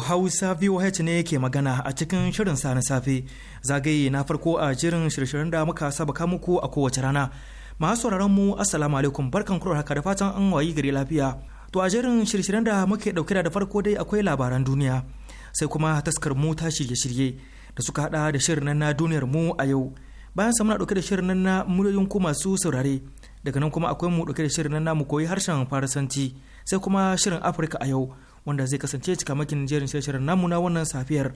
Hausa VOH ne ke magana a cikin shirin sa na safe zagaye na farko a jirin shirin da muka saba ka muku a kowace rana. Masu sauraron mu assalamu alaikum barkan kuro haka da fatan an wayi gari lafiya. To a jirin shirin da muke dauke da farko dai akwai labaran duniya sai kuma taskar mu ta shirye-shirye da suka hada da shirin na duniyar mu a yau. Bayan sa muna dauke da shirin na muryoyin ku masu saurare daga nan kuma akwai mu dauke da shirin na mu koyi harshen faransanci sai kuma shirin Afirka a yau. wanda zai kasance cika makin jerin shirin namu na wannan safiyar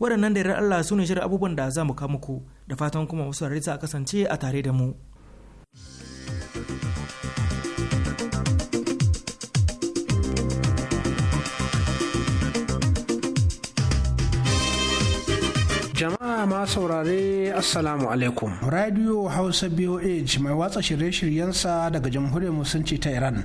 waɗannan da yarda Allah su ne shirin abubuwan da za mu kama ku da fatan kuma wasu rarrita a kasance a tare da mu. jama'a ma saurare assalamu alaikum radio hausa boh mai watsa shirye-shiryensa daga jamhuriyar musulunci ta iran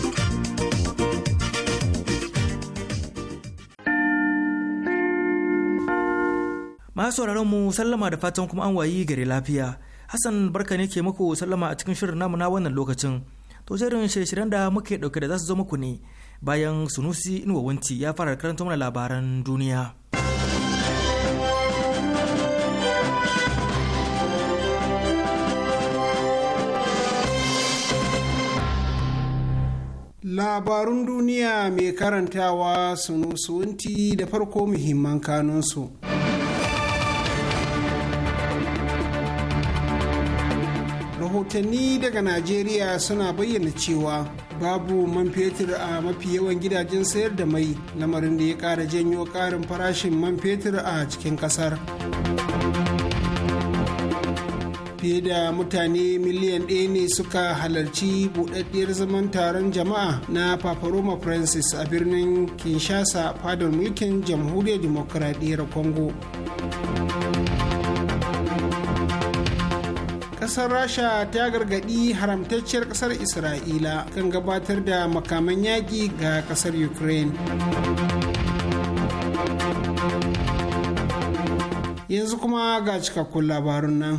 masu sauraron mu sallama da fatan kuma an wayi gare lafiya hassan barka ne ke muku sallama a cikin shirin namu na wannan lokacin to jerin shirye-shiryen da muke dauke da za su zo muku ne bayan sunusi inuwawanci ya fara karanta mana labaran duniya labarun duniya mai karantawa sunusuwanti da farko muhimman kanunsu. rahotanni daga najeriya suna bayyana cewa babu man fetur a mafi yawan gidajen sayar da mai lamarin da ya kara janyo karin farashin man fetur a cikin kasar fiye da mutane miliyan ɗaya ne suka halarci buɗaɗɗiyar zaman taron jama'a na paparoma francis a birnin kinshasa fadar mulkin jamhuriyar dimokuraɗiyyar congo kasar rasha ta gargaɗi haramtacciyar kasar isra'ila kan gabatar da makaman yaƙi ga kasar ukraine yanzu kuma ga cikakkun labarun nan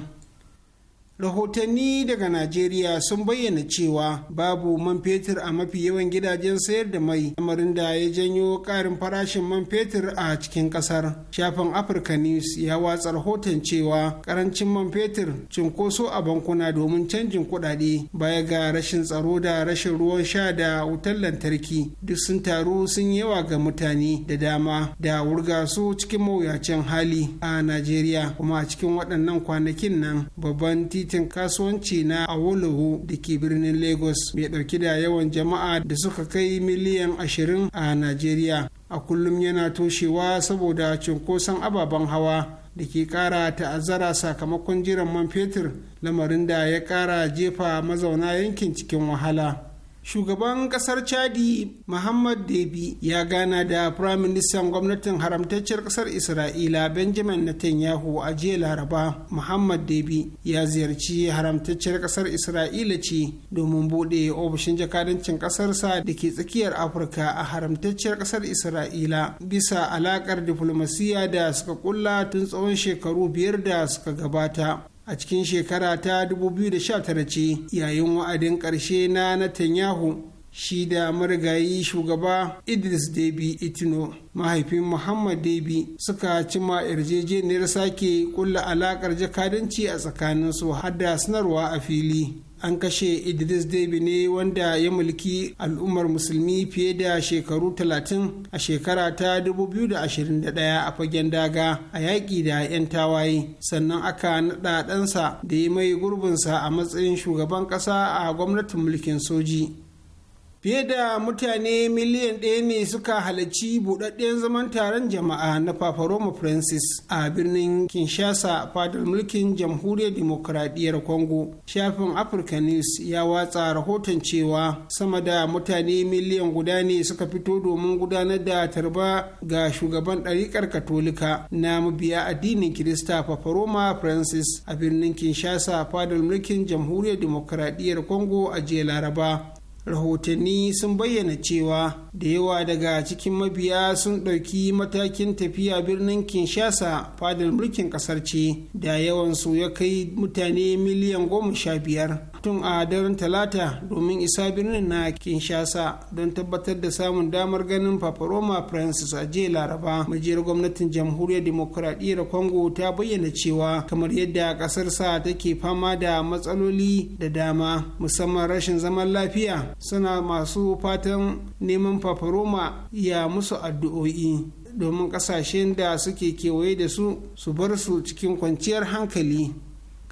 rahotanni daga najeriya sun bayyana cewa babu man fetur a mafi yawan gidajen sayar da mai lamarin da ya janyo karin farashin man fetur a cikin ƙasar. shafin africa news ya watsa rahoton cewa karancin man fetur cinkoso a bankuna domin canjin kuɗaɗe baya ga rashin tsaro da rashin ruwan sha da wutar lantarki duk sun taru sun yawa ga mutane da dama da wurga su cikin mawuyacin hali a najeriya kuma a cikin waɗannan kwanakin nan babban titin kasuwanci na awolowo da ke birnin lagos mai ɗauki da yawan jama'a da suka kai miliyan ashirin a najeriya a kullum yana toshewa saboda cunkoson ababen hawa da ke kara ta'azzara sakamakon jiran man fetur lamarin da ya kara jefa mazauna yankin cikin wahala shugaban kasar chadi muhammad debi ya gana da firaministan gwamnatin haramtacciyar kasar isra'ila benjamin netanyahu a jiya laraba muhammad debi ya ziyarci haramtacciyar kasar isra'ila ce domin bude ofishin jakadancin kasarsa da ke tsakiyar afirka a haramtacciyar kasar isra'ila bisa alakar diflomasiya da suka kulla tun tsawon shekaru biyar da suka gabata a cikin shekara ta 2019 ce yayin wa'adin ƙarshe na Netanyahu shi da marigayi shugaba idris debi itino mahaifin muhammad debi suka cima yarjejeniyar sake kulla alakar jakadanci a tsakanin su da sanarwa a fili an kashe idris debi ne wanda ya mulki al'ummar musulmi fiye da shekaru 30 a shekara ta 2021 a fagen daga a yaƙi da 'yan tawaye sannan aka naɗa ɗansa da ya mai gurbinsa a matsayin shugaban ƙasa a gwamnatin mulkin soji fiye da mutane miliyan ɗaya ne suka halarci buɗaɗɗen zaman taron jama'a na paparoma francis a birnin kinshasa fadar mulkin jamhuriyar demokuraɗiyyar congo shafin africa news ya watsa rahoton cewa sama da mutane miliyan guda ne suka fito domin gudanar da tarba ga shugaban ɗariƙar katolika na mabiya addinin kirista paparoma francis a birnin kinshasa fadar mulkin jamhuriyar demokuraɗiyyar congo a jiya laraba rahotanni sun bayyana cewa da yawa daga cikin mabiya sun ɗauki matakin tafiya birnin kinshasa fadar mulkin ƙasar ce da yawansu ya kai mutane miliyan goma sha biyar tun a daren talata domin isa birnin na kinshasa don tabbatar da samun damar ganin paparoma francis a jiya laraba majiyar gwamnatin jamhuriyar demokuraɗiyyar congo ta bayyana cewa kamar yadda ƙasar sa take fama da matsaloli da dama musamman rashin zaman lafiya suna masu fatan neman paparoma ya musu addu'o'i domin ƙasashen da suke kewaye da su su bar su cikin kwanciyar hankali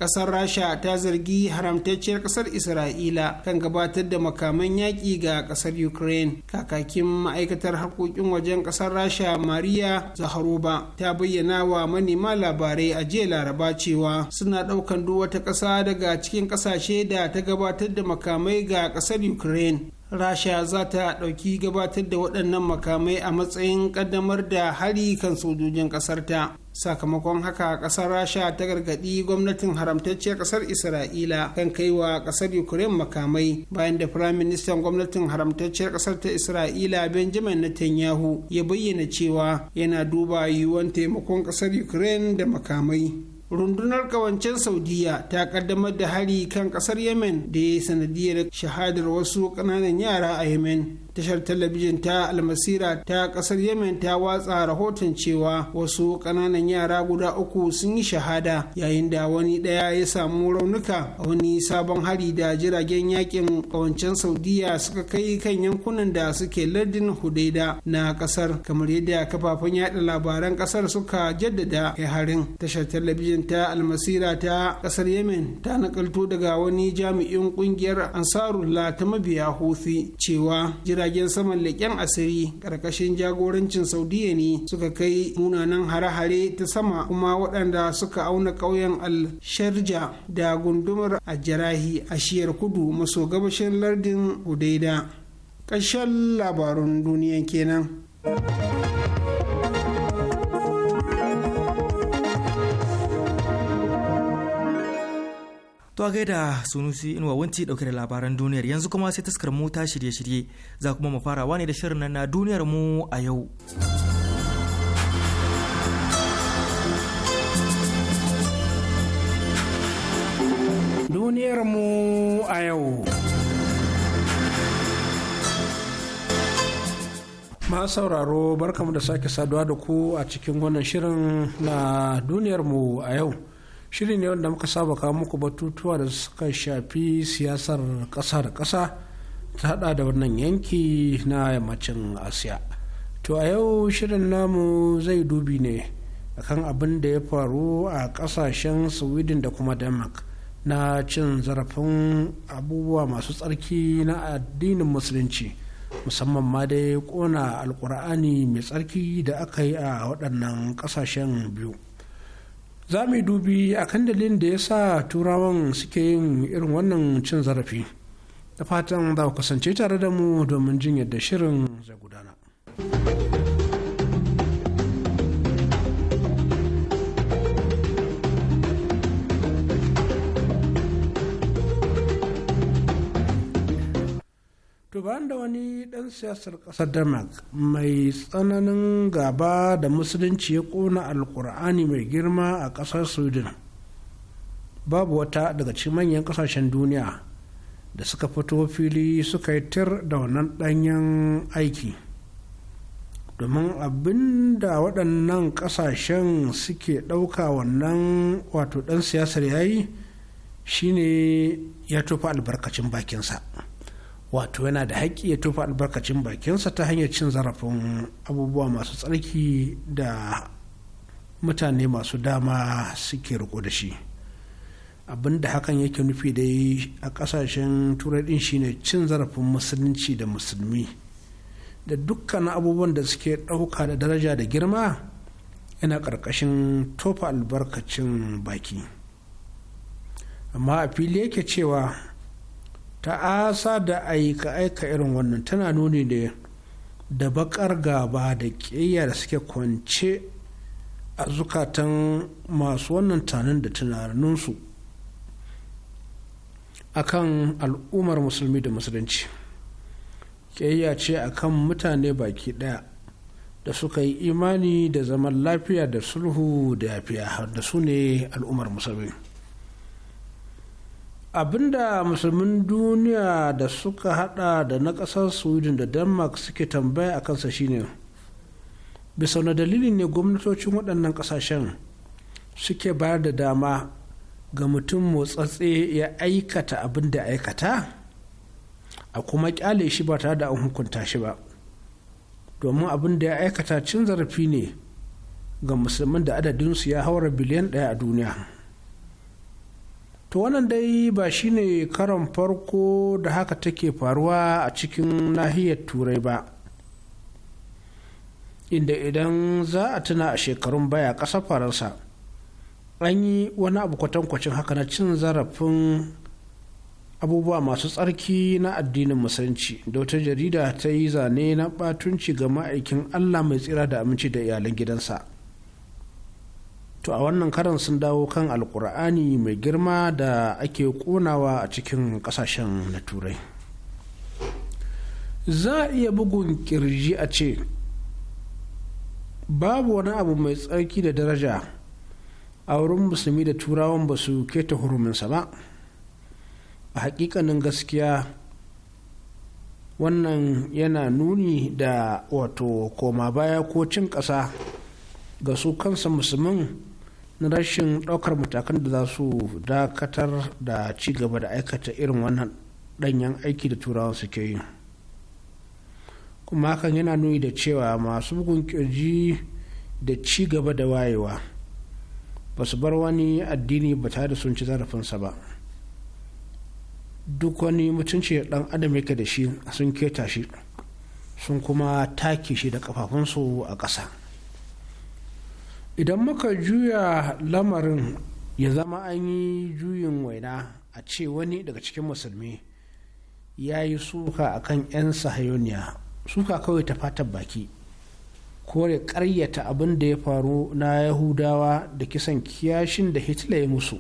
kasar rasha ta zargi haramtacciyar kasar isra'ila kan gabatar da makaman yaƙi ga kasar ukraine kakakin ma'aikatar harkokin wajen kasar rasha maria zaharoba ta bayyana wa manema labarai a jiya laraba cewa suna ɗaukan duk wata ƙasa daga cikin ƙasashe da ta gabatar da makamai ga ƙasar ukraine rasha za ta ɗauki gabatar da waɗannan makamai a matsayin ƙaddamar da hari kan sojojin ƙasarta sakamakon haka ƙasar rasha ta gargaɗi gwamnatin haramtacciyar ƙasar isra'ila kan kai wa ƙasar ukraine makamai bayan da firaministan gwamnatin haramtacciyar ƙasar ta isra'ila benjamin netanyahu ya bayyana cewa yana duba yiwuwan taimakon ƙasar ukraine da makamai rundunar kawancen saudiya ta kaddamar da hari kan kasar yemen da ya sanadiyar shahadar wasu kananan yara a yemen tashar talabijin ta almasira ta kasar yemen ta watsa rahoton cewa wasu kananan yara guda uku sun yi shahada yayin da wani daya ya samu raunuka a wani sabon hari da jiragen yakin kawancen saudiya suka kai kan yankunan da suke lardin hudaida na kasar kamar yadda kafafen yada labaran kasar suka jaddada kai harin tashar talabijin ta almasira ta kasar yemen ta nakalto daga wani jami'in kungiyar ansarullah ta mabiya hofi cewa jiragen jiragen saman leƙen asiri ƙarƙashin jagorancin saudiya ne suka kai munanan hare-hare ta sama kuma waɗanda suka auna ƙauyen al-sharja da gundumar ajarahi a shiyar kudu maso gabashin lardin hudaida ƙarshen labarun duniya kenan. To a gaida sunusi inuwa wanci dauke da labaran duniyar yanzu kuma sai taskar mota shirye-shirye za kuma mu farawa ne da shirin nan na duniyar mu a yau. Duniyar mu a yau. Ma sauraro barkamu da sake saduwa da ku a cikin wannan shirin na duniyar mu a yau. shirin ne wanda muka saba kawo muku batutuwa da suka shafi siyasar ƙasa da ƙasa ta hada da wannan yanki na yammacin asiya to a yau shirin namu zai dubi ne akan abin da ya faru a ƙasashen sweden da kuma denmark na cin zarafin abubuwa masu tsarki na addinin musulunci musamman ma dai kona alkur'ani mai tsarki da aka yi a waɗannan ƙasashen biyu za mu yi dubi a kan dalilin da ya sa turawan suke yin irin wannan cin zarafi da fatan za ku kasance tare da mu domin jin yadda shirin zai gudana. bayan da wani ɗan siyasar ƙasar denmark mai tsananin gaba da musulunci ya ƙona alkur'ani mai girma a ƙasar sweden babu wata daga cikin manyan ƙasashen duniya da suka fito fili suka yi tir da wannan ɗanyen aiki domin abin da waɗannan ƙasashen suke ɗauka wannan wato ɗan siyasar yayi shine ya tufi albarkacin bakinsa. wato yana da haƙƙi ya tofa albarkacin bakinsa ta hanyar cin zarafin abubuwa masu tsarki da mutane masu dama suke riko da shi abin da hakan yake nufi da dai a ƙasashen turai ɗin shine cin zarafin musulunci da musulmi da dukkan abubuwan da suke ɗauka da daraja da girma yana ƙarƙashin tofa albarkacin baki amma a fili yake cewa ta'asa da aika-aika irin wannan tana nuni da da bakar gaba da ƙiyya da suke kwance a zukatan masu wannan tanin da tunaninsu akan al'ummar musulmi da musulunci ƙiyya ce a kan mutane baki ɗaya da suka yi imani da zaman lafiya da sulhu da yafiya da su ne al'ummar musulmi abinda musulmin duniya da suka hada da na kasar sweden da denmark suke tambaya a kansa shine bisa na dalilin ne gwamnatocin waɗannan ƙasashen suke bayar da dama ga mutum motsatse ya aikata abin da aikata a kuma kyale shi ba tare da an hukunta shi ba domin abin da ya aikata cin zarafi ne ga musulmin da adadinsu ya haura biliyan ɗaya a duniya to wannan dai ba shine karon farko da haka take faruwa a cikin nahiyar turai ba inda idan za a tuna a shekarun baya ƙasar faransa an yi wani abu kwatankwacin haka na cin zarafin abubuwa masu tsarki na addinin musulunci da wata jarida ta yi zane na batunci ga ma'aikin allah mai tsira da aminci da iyalan gidansa to a wannan karan sun dawo kan alkur'ani mai girma da ake konawa a cikin kasashen na turai za a iya bugun kirji a ce babu wani abu mai tsarki da daraja a wurin musulmi da turawan ba su keta huruminsa ba a hakikanin gaskiya wannan yana nuni da wato koma baya ko cin ƙasa ga su kansa musulmin na rashin ɗaukar matakan da za su dakatar da ci gaba da aikata irin wannan ɗanyen aiki da turawa suke yi kuma hakan yana nuni da cewa masu bugun kirji da ci gaba da wayewa ba su bar wani addini ba tare da sun ci zarafinsa ba duk wani mutunci da ɗan adam yake da shi sun keta shi sun kuma take shi da kafafunsu a ƙasa idan muka juya lamarin ya zama an yi juyin waina a ce wani daga cikin musulmi ya yi suka a kan 'yan sahayoniya suka kawai ta fatan baki kore karyata abin da ya faru na yahudawa da kisan kiyashin da hitler ya musu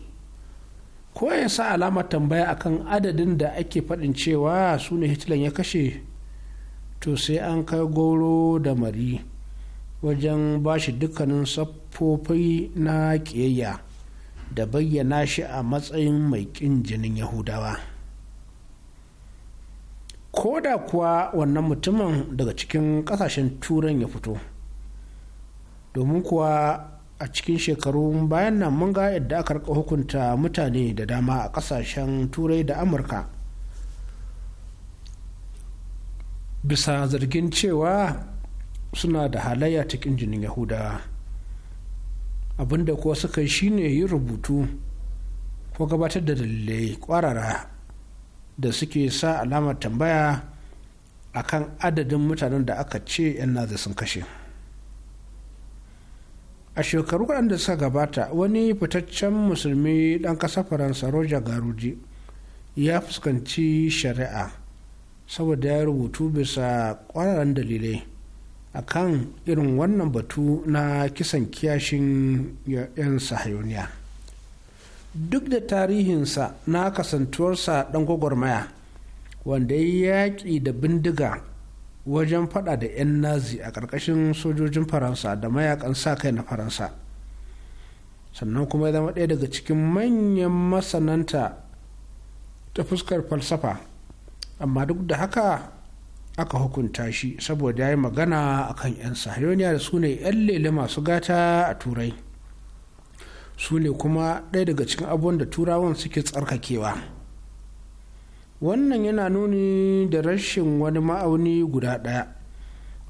ko ya sa alamar tambaya akan adadin da ake faɗin cewa su ne hitler ya kashe to sai an kai goro da mari wajen ba shi dukkanin siffofi na ƙiyayya da bayyana shi a matsayin mai ƙin jinin yahudawa ko da kuwa wannan mutumin daga cikin ƙasashen turan ya fito domin kuwa a cikin shekaru bayan nan mun ga yadda aka rika hukunta mutane da dama a ƙasashen turai da amurka bisa zargin cewa suna da halayya ta jinin yahudawa abinda kuwa suka yi shine yin rubutu ko gabatar da dalilai kwarara da suke sa alamar tambaya akan adadin mutanen da aka ce 'yan nazi sun kashe a shekaru da suka gabata wani fitaccen musulmi ɗan ƙasar faransa roja garuji ya fuskanci shari'a saboda ya rubutu bisa ƙwararren dalilai a kan irin wannan batu na kisan kiyashin 'yan sahayoniya duk da tarihinsa na kasantuwarsa ɗan gwagwarmaya wanda ya yaƙi da bindiga wajen fada da 'yan nazi a ƙarƙashin sojojin faransa da mayakan sa kai na faransa sannan kuma ya zama ɗaya daga cikin manyan masananta ta fuskar falsafa amma duk da haka aka hukunta shi saboda ya yi magana a kan 'yan sahayoniya da su ne 'yan lele masu gata a turai su ne kuma ɗaya daga cikin abubuwan da turawan suke tsarkakewa wannan yana nuni da rashin wani ma'auni guda ɗaya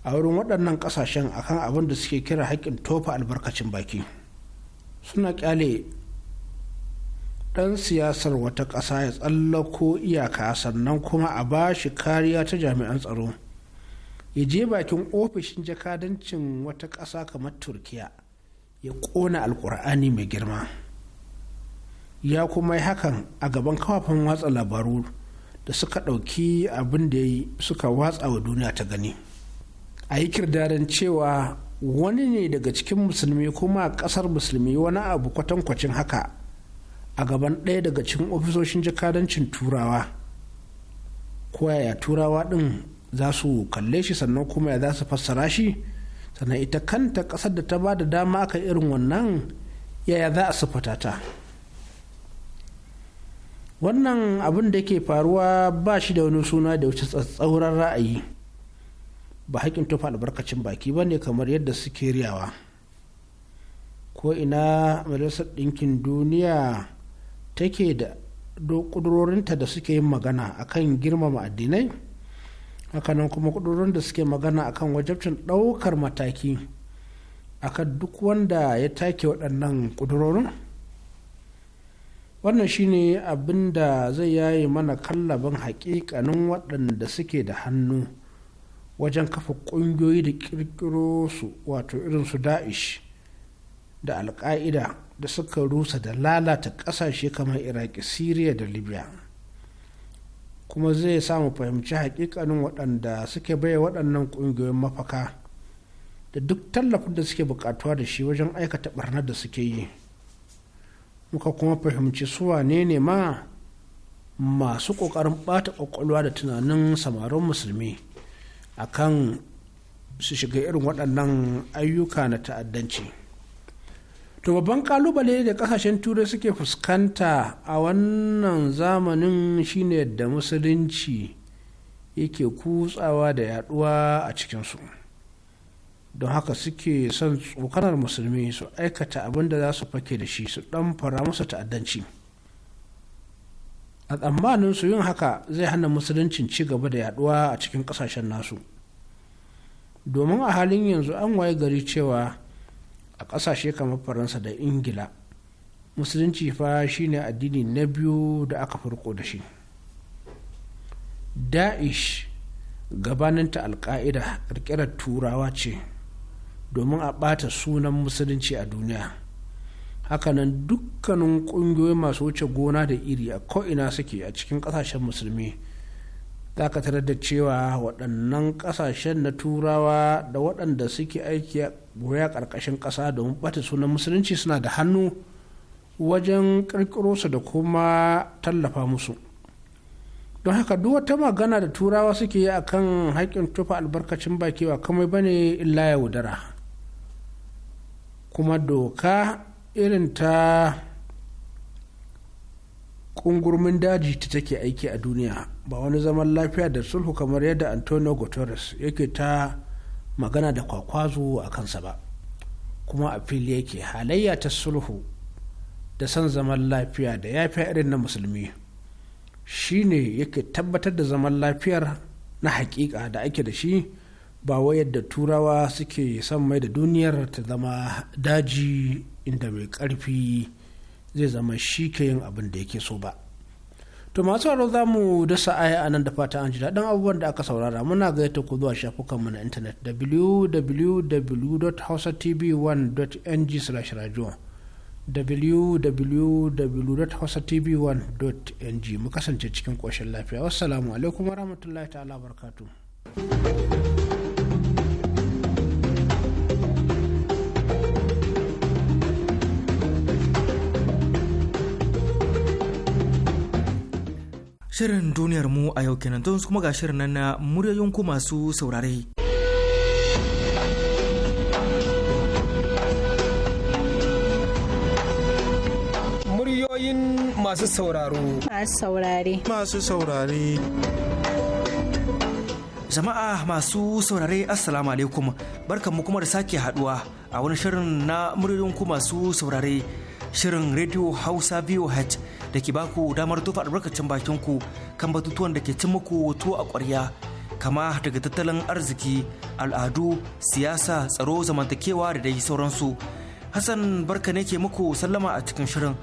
a wurin waɗannan ƙasashen akan abin da suke kira haƙƙin tofa albarkacin baki suna ƙyale ɗan siyasar wata ƙasa ya tsallako iyaka sannan kuma a ba shi kariya ta jami'an tsaro ya je bakin ofishin jakadancin wata ƙasa kamar turkiya ya ƙona Alƙur'ani mai girma ya kuma yi hakan a gaban kafafen watsa labaru da suka ɗauki abin da ya yi suka watsa wa duniya ta gani a yi kirdarin cewa wani ne daga cikin musulmi kuma ƙasar musulmi wani abu kwatankwacin haka a gaban ɗaya daga cikin ofisoshin jakadancin turawa ko yaya turawa ɗin za su kalle shi sannan kuma ya za su fassara shi sannan ita kanta ƙasar da ta ba da dama aka irin wannan yaya za a siffata ta wannan abin da ke faruwa ba shi da wani suna da wuce tsatsauran ra'ayi ba haƙin tufa albarkacin baki ba ne kamar yadda suke riyawa ko ina majalisar ɗinkin duniya take da ƙudurorinta da suke yin magana a kan girmama addinai hakanan kuma ƙudurorin da suke magana a akan wajabcin ɗaukar mataki a kan duk wanda ya take waɗannan ƙudurorin wannan shine abin da zai yaye mana kallabin haƙiƙanin waɗanda suke da hannu wajen kafa ƙungiyoyi da ƙirƙiro su wato irin da'ish da alƙa'ida da suka rusa da lalata ƙasashe kamar iraki syria da libya kuma zai samu fahimci hakikanin waɗanda suke baya waɗannan ƙungiyoyin mafaka da duk tallafin da suke buƙatuwa da shi wajen aikata ɓarnar da suke yi muka kuma fahimci suwa ne ne ma masu ƙoƙarin ɓata ƙwaƙwalwa da tunanin samarin musulmi a kan su shiga irin waɗannan ayyuka na ta'addanci. to babban kalubale da kasashen turai suke fuskanta a wannan zamanin shine da musulunci yake kutsawa da yaduwa a cikinsu don haka suke son tsokanar musulmi su aikata abin da za su fake da shi su dan fara musu ta'addanci a tsammanin su yin haka zai hana musuluncin ci gaba da yaduwa a cikin kasashen nasu domin a halin yanzu an waye gari cewa a ƙasashe kamar faransa da ingila musulunci fa shine addini na biyu da aka farko da shi da'ish gabaninta alƙa'ida ƙirƙirar turawa ce domin a ɓata sunan musulunci a duniya hakanan dukkanin ƙungiyoyi masu wuce gona da iri a ko'ina suke a cikin ƙasashen musulmi dakatar da cewa waɗannan ƙasashen na turawa da waɗanda suke aiki a goya ƙarƙashin ƙasa domin ɓata sunan musulunci suna da hannu wajen ƙirƙiro su da kuma tallafa musu don haka duk wata magana da turawa suke yi a kan haƙƙin tufa albarkacin baki ba kamai ba ne illa ya wudara kuma doka irin ta ƙungurmin daji ta take aiki a duniya ba wani zaman lafiya da sulhu kamar yadda antonio guterres yake ta magana da kwakwazo a kansa ba kuma a fili yake halayya ta sulhu da son zaman lafiya da fi irin na musulmi shine yake tabbatar da zaman lafiyar na hakika da ake da shi ba wai yadda turawa suke son mai da duniyar ta zama daji inda mai karfi zai zama shi ke yin abin da yake so ba to masu sauraro za mu dasa aya a nan da fata an ji daɗin abubuwan da aka saurara muna gayyata ku zuwa shafukanmu na intanet www.hausatv1.ng slash radio www.hausatv1.ng mu kasance cikin ƙoshin lafiya wassalamu alaikum warahmatullahi ta'ala barkatu. Shirin duniyar mu a yau kenan don kuma ga shirin nan na muryoyin ku masu saurare. Muryoyin masu sauraro. Masu saurare. Masu saurare. Jama'a masu saurare Assalamu alaikum barkanmu kuma da sake haduwa a wani shirin na muryoyin ku masu saurare shirin Radio Hausa VOH da ke baku damar tufa albarkacin bakin ku kan batutuwan da ke cin muku wato a ƙwarya kama daga tattalin arziki al'adu siyasa tsaro zamantakewa da dai sauransu hassan barka ne ke muku sallama a cikin shirin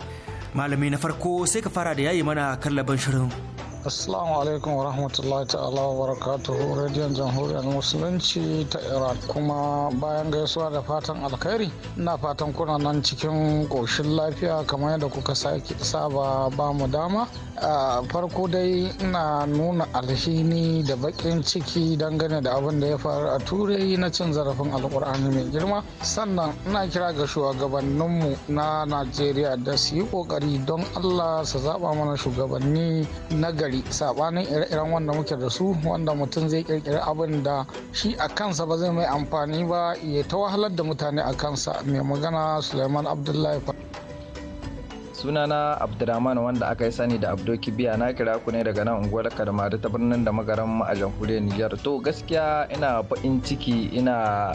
malami na farko sai ka fara da yayi mana kallaban shirin Assalamu alaikum wa rahmatullahi ta'ala wa barakatuhu radiyon jamhuriyar musulunci ta Iran kuma bayan gaisuwa da fatan alkhairi ina fatan kuna nan cikin ƙoshin lafiya kamar yadda kuka sake saba ba mu dama farko dai ina nuna alhini da bakin ciki dangane da abin da ya faru a turai na cin zarafin alkur'ani mai girma sannan ina kira ga shugabanninmu na najeriya da su yi ƙoƙari don allah su zaɓa mana shugabanni na gari tsari sabanin ire-iren wanda muke da su wanda mutum zai kirkiri abin da shi a kansa ba zai mai amfani ba ya ta wahalar da mutane a kansa mai magana suleiman abdullahi sunana abdulrahman wanda aka yi sani da abdoki kibiya na kira ku ne daga nan unguwar kadamari ta birnin da magaran a jamhuriyar niger to gaskiya ina fa'in ciki ina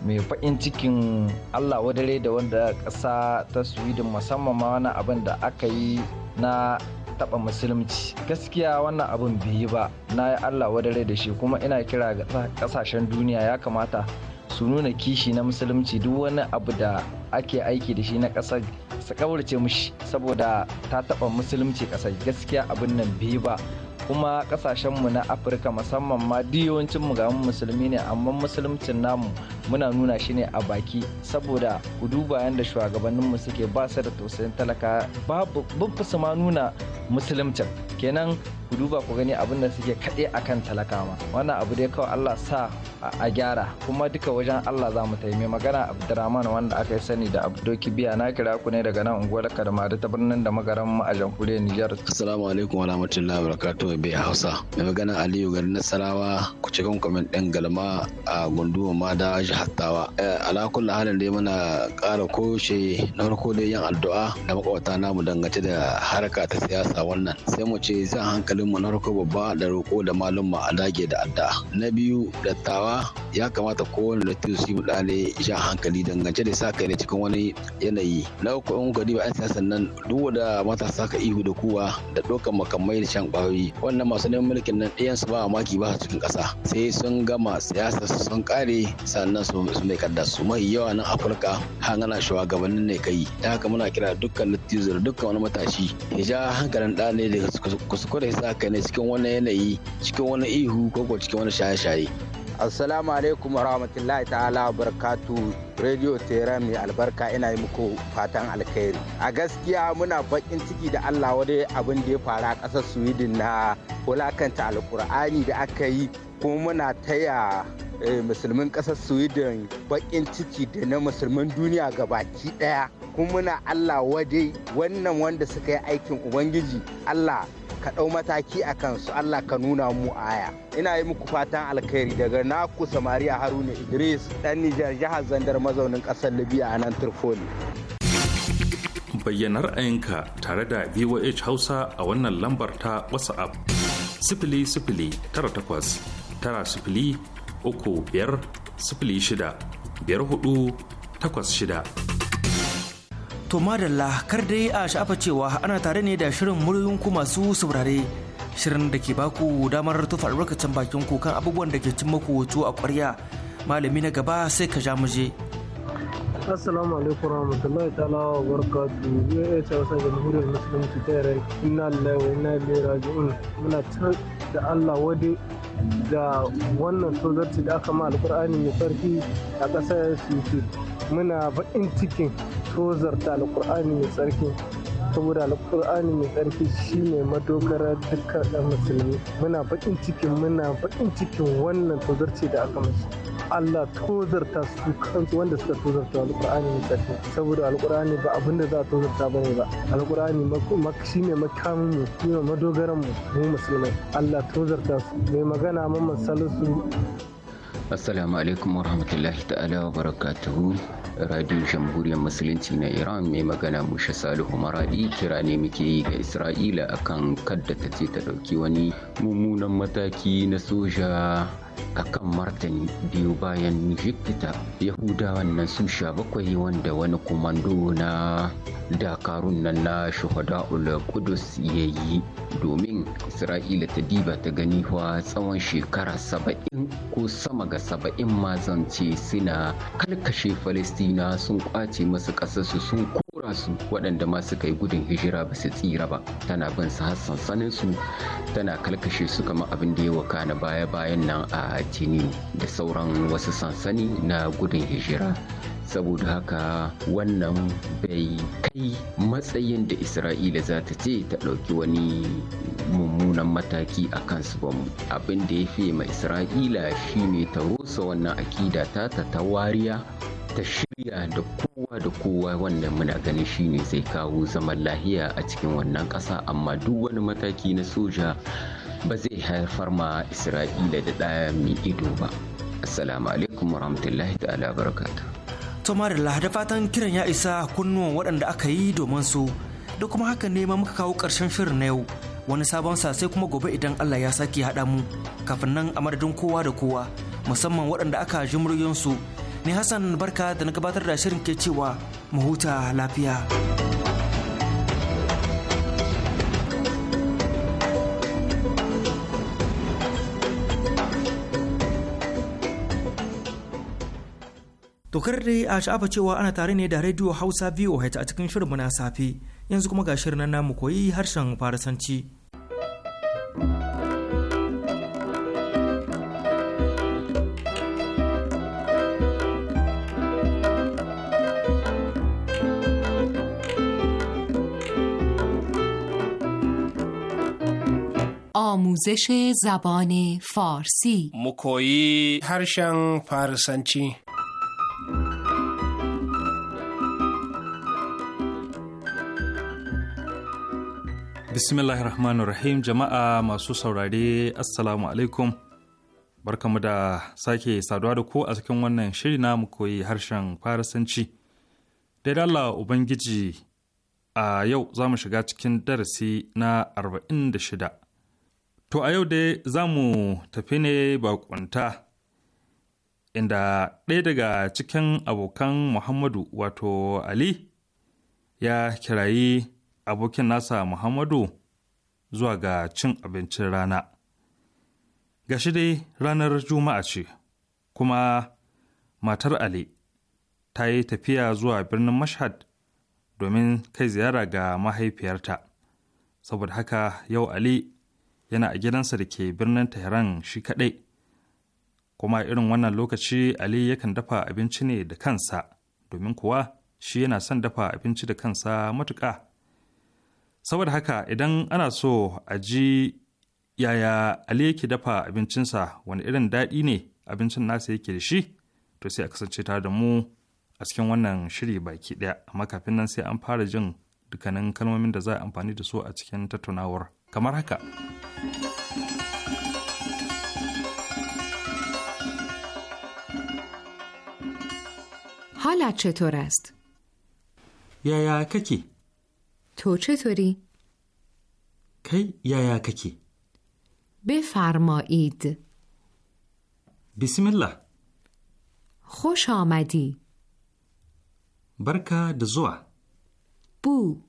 mai fa'in cikin allah wadare da wanda ƙasa ta sweden musamman ma wani abin da aka yi na taɓa musulunci gaskiya wannan abun bai ba na yi allah wadare da shi kuma ina kira ga ƙasashen duniya ya kamata su nuna kishi na musulunci duk wani abu da ake aiki da shi na ƙasar su kaurace mushi saboda ta taɓa musulunci ƙasar gaskiya abin nan bai ba kuma kasashenmu na afirka musamman ma diyoncin mu ga musulmi ne amma musulmcin namu muna nuna shi ne a baki saboda ku duba yadda shugabanninmu suke ba su da tausayin talaka babu su ma nuna musulmcin kenan ku duba ku gani abin da suke kaɗe akan talakawa wannan abu dai kawai Allah sa a gyara kuma duka wajen Allah za mu taimi magana Abdurrahman wanda aka yi sani da Abdoki Biya na kira ku ne daga nan unguwar Kadamari ta birnin da magaran mu a jamhuriyar Nijar assalamu alaikum wa rahmatullahi wa barakatuh bai hausa mai magana aliyu garin nasarawa ku cikin kwamin ɗin galma a gunduma ma da jihattawa eh, alakun halin dai muna ƙara koshe na farko dai yin addu'a da makwabta namu dangance da harka ta siyasa wannan sai mu ce zan hankalin mu na farko babba da roƙo da malum a dage da addu'a na biyu dattawa ya kamata kowane da su mu ja hankali dangance da sa kai da cikin wani yanayi na uku in ka diba 'yan siyasa nan duk da matasa ka ihu da kuwa da ɗaukar makamai da shan ƙwayoyi wannan masu neman mulkin nan ɗayan su ba maki ba cikin ƙasa sai sun gama siyasa su sun kare sannan su mai kadda su mai yawa nan afirka hangana shugabannin ne kai da haka muna kira dukkan littizar dukkan wani matashi ya ja hankalin ɗa ne da kuskure sa kai ne cikin wani yanayi cikin wani ihu ko cikin wani shaye-shaye assalamu alaikum warahmatullahi ta'ala barkatu radio tera mai albarka ina yi muku fatan alkhairi a gaskiya muna bakin ciki da allah wadai abin da ya faru a ƙasar sweden na wulakanta alkur'ani da aka yi kuma muna taya eh, musulmin ƙasar sweden baƙin ciki da na musulmin duniya ga baki ɗaya kuma muna allah wadai wannan wanda suka yi aikin ubangiji allah ka ɗau mataki a kansu allah ka nuna mu aya ina yi muku fatan alkhairi daga naku samariya haruna idris ɗan nijar jihar zandar mazaunin ƙasar libya a nan turfoli bayyana ra'ayinka tare da voh hausa a wannan lambar ta whatsapp sifili-sifili tara takwas tara sifili uku biyar sifili shida biyar hudu takwas shida. To madalla kar dai a sha'afa cewa ana tare ne da shirin muryoyin ku masu saurare shirin da ke baku damar tufa albarkacin bakin ku kan abubuwan da ke cin maku wuto a kwarya malami na gaba sai ka ja muje. assalamu alaikum warahmatullahi ta'ala wa barakatu ya ce wasa jamhuriyar musulunci ta yare inna lillahi wa inna ilaihi raji'un muna can da Allah wade da wannan sojarci da aka ma alkur'ani mai sarki a ƙasar sufi muna baƙin cikin da alkur'ani mai sarki saboda alkur'ani mai tsarki shine madogara dukkan musulmi muna baƙin cikin muna baƙin cikin wannan tozarci da aka mashi Allah tozarta su kansu wanda suka tozarta alkur'ani mai tsarki saboda alkur'ani ba abin da za a tozarta ba ne ba alkur'ani shi ne makamin mu shi ne madogaran mu mu musulmai Allah tozarta su mai magana mamman salisu Assalamu alaikum warahmatullahi ta'ala wa barakatuhu Radio Jamhuriyar Musulunci na Iran mai magana Musha Salihu Maradi kira ne muke yi ga Isra'ila akan kadda ta ce ta ɗauki wani mummunan mataki na soja akan martani biyu bayan jikita yahudawan nan sun sha bakwai wanda wani kumando na dakarun nan na shuhada'ul kudus ya yi domin isra'ila ta diba ta gani wa tsawon shekara saba'in ko sama ga saba'in ma ce, suna kalkashe falistina sun kwace masu ƙasarsu sun jama'a waɗanda ma suka yi gudun hijira ba su tsira ba tana bin su har sansanin su tana kalkashe su kamar abin da ya waka na baya bayan nan a tini da sauran wasu sansani na gudun hijira saboda haka wannan bai kai matsayin da isra'ila za ta ce ta ɗauki wani mummunan mataki a kansu ba abin da ya fiye ma isra'ila shine ta rusa wannan akida ta ta wariya ta shirya da kowa da kowa wannan muna ganin shine zai kawo zaman lahiya a cikin wannan ƙasa amma duk wani mataki na soja ba zai haifar ma isra'ila da ɗaya mai ido ba assalamu alaikum warahmatullahi ta'ala barakatuh to da fatan kiran ya isa kunnuwan waɗanda aka yi domin su da kuma haka ne ma muka kawo karshen shirin na yau wani sabon sa sai kuma gobe idan Allah ya sake haɗa mu kafin nan a madadin kowa da kowa musamman waɗanda aka ji muryoyinsu ni hassan barka da na gabatar da shirin ke cewa mu huta lafiya Tokar da a sha'afa cewa ana tare ne da rediyo Hausa VOH a cikin shirin na safe yanzu kuma ga shirin namu koyi harshen faransanci. آموزش زبان فارسی مکویی هرشن فارسنچی bismillahir rahmanir rahim jama'a masu saurare assalamu alaikum barkamu da sake saduwa da ku a cikin wannan shiri na mu koyi harshen farisanci da Allah ubangiji a yau za mu shiga cikin darasi na 46 To a yau dai za mu tafi ne bakunta inda ɗaya daga cikin abokan Muhammadu wato Ali ya kirayi abokin nasa Muhammadu zuwa ga cin abincin rana. Ga shi dai ranar Juma'a ce, kuma matar Ali ta yi tafiya zuwa birnin Mashhad domin kai ziyara ga mahaifiyarta, saboda haka yau Ali yana a gidansa da ke birnin Tehran shi kaɗai. Kuma irin wannan lokaci Ali yakan dafa abinci ne da kansa, domin kuwa shi yana son dafa abinci da kansa matuƙa. Saboda haka idan ana so a ji yaya Ali yake dafa abincinsa wani irin daɗi ne abincin nasa yake da shi, to sai a kasance tare da mu a cikin wannan shiri baki ɗaya, amma kafin nan sai an fara jin dukkanin kalmomin da za a amfani da su a cikin tattaunawar. kamar haka حالت چطور است؟ یا یا ککی تو چطوری؟ کی یا یا ککی بفرمایید بسم الله خوش آمدی برکه دزوع بو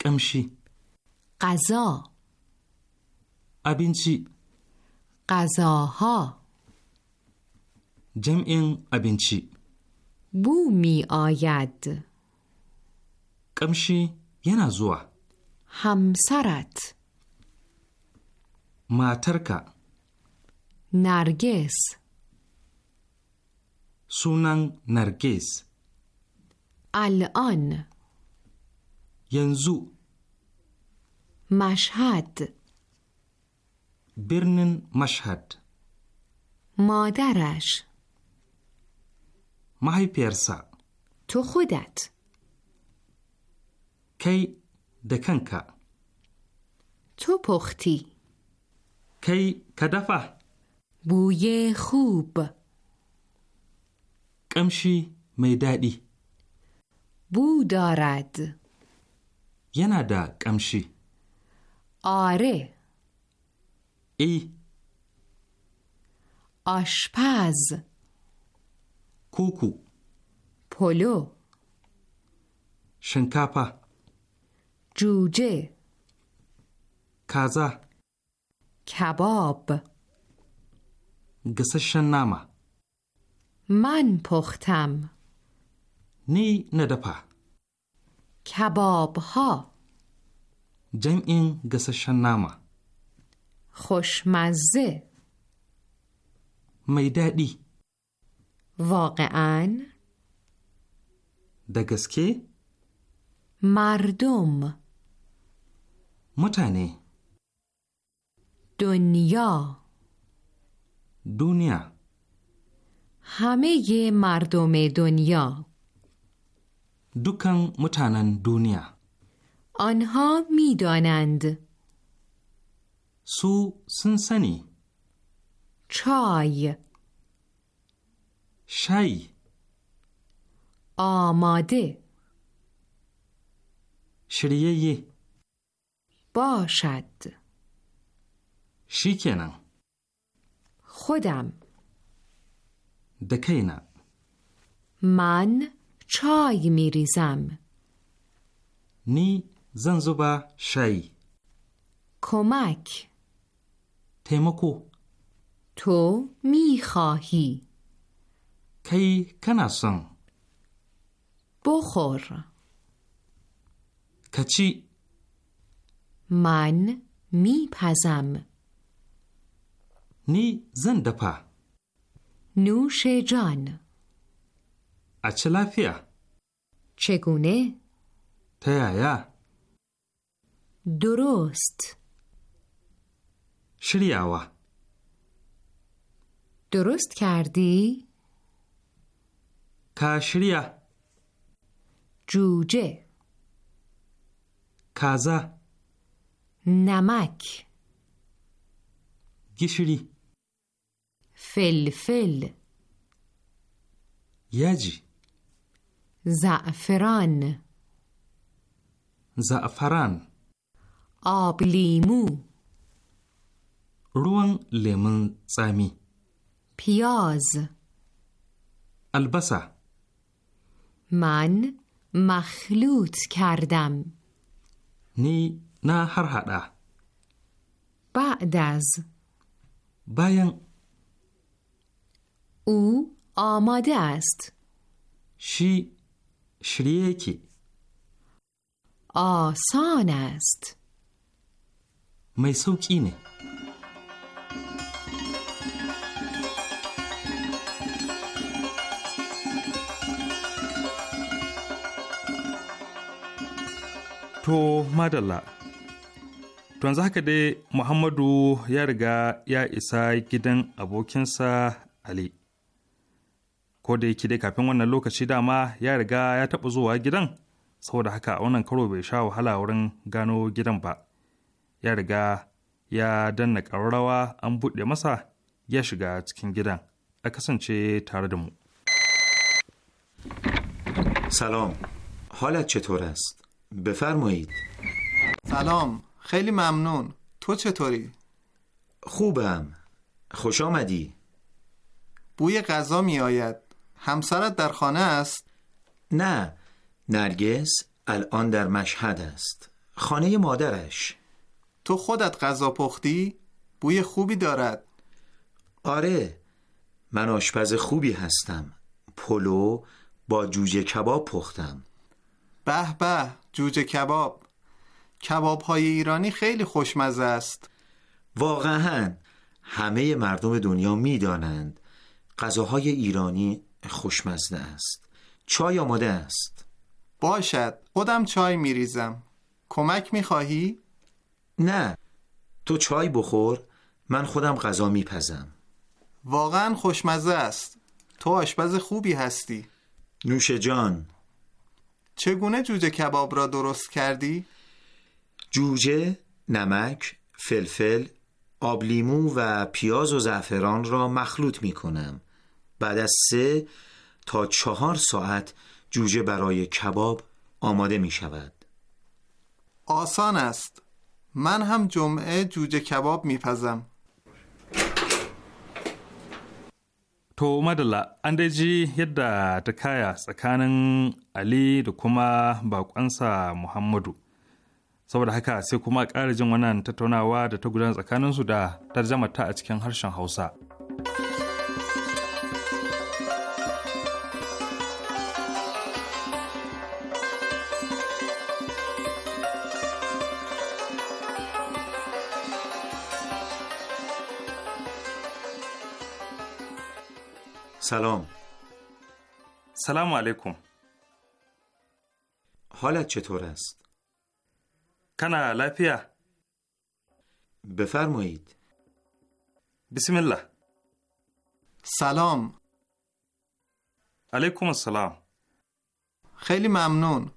کمشی غذا abinci غذاها جمع abinci بو می آید قمشی ینا زوا همسرت ماترکا نرگس سونن نرگس الان ینزو مشهد برنن مشهد مادرش مهی پیرسا تو خودت کی دکنکا تو پختی کی کدفه بوی خوب کمشی میدادی بو دارد یه کمشی آره ای آشپز کوکو پلو شنکاپا جوجه کازا کباب گسش نامه من پختم نی ندپا کباب ها جمعین گسش نامه خوشمزه میدادی واقعا دگسکی مردم متنه دنیا دنیا همه مردم دنیا دکان متنن دنیا آنها میدانند سو سنسنی چای شی آماده شریه باشد شیکن خودم دکینم من چای میریزم نی zan zuba shayi. Komak. Taimako. To mi khahi. Kai kana son. Bukhur. Ka ci. Man mi pazam. Ni zan dafa. Nushe jan. A ci lafiya. Cegune. Ta yaya. درست شریعه درست کردی؟ کاشریا جوجه کازا نمک گشری فلفل یجی زعفران زعفران آب لیمو روان لیمون زمی پیاز البسه من مخلوط کردم نی نه هر حدا بعد از باین او آماده است شی شریکی آسان است mai sauƙi ne. To, madalla. To, yanzu haka dai Muhammadu ya riga ya isa gidan abokinsa Ali. Ko da yake dai kafin wannan lokaci dama ya riga ya taɓa zuwa gidan, saboda haka a wannan karo bai sha wahala wurin gano gidan ba. ya riga ya danna ƙaurawa an buɗe masa ya shiga cikin gidan a kasance tare da mu. سلام حالت چطور است؟ بفرمایید سلام خیلی ممنون تو چطوری؟ خوبم خوش آمدی بوی غذا می آید همسرت در خانه است؟ نه نرگس الان در مشهد است خانه مادرش تو خودت غذا پختی؟ بوی خوبی دارد آره من آشپز خوبی هستم پلو با جوجه کباب پختم به به جوجه کباب کباب های ایرانی خیلی خوشمزه است واقعا همه مردم دنیا میدانند غذاهای ایرانی خوشمزه است چای آماده است باشد خودم چای میریزم کمک میخواهی؟ نه تو چای بخور من خودم غذا میپزم واقعا خوشمزه است تو آشپز خوبی هستی نوشه جان چگونه جوجه کباب را درست کردی؟ جوجه، نمک، فلفل، آب لیمو و پیاز و زعفران را مخلوط می کنم بعد از سه تا چهار ساعت جوجه برای کباب آماده می شود آسان است من هم جمعه جوجه کباب میپزم To madalla an dai ji yadda ta kaya tsakanin Ali da kuma baƙonsa Muhammadu. Saboda haka sai kuma ƙara jin wannan tattaunawa da ta gudana su da ta a cikin harshen Hausa. سلام سلام علیکم حالت چطور است؟ کنا لپیه بفرمایید بسم الله سلام علیکم السلام خیلی ممنون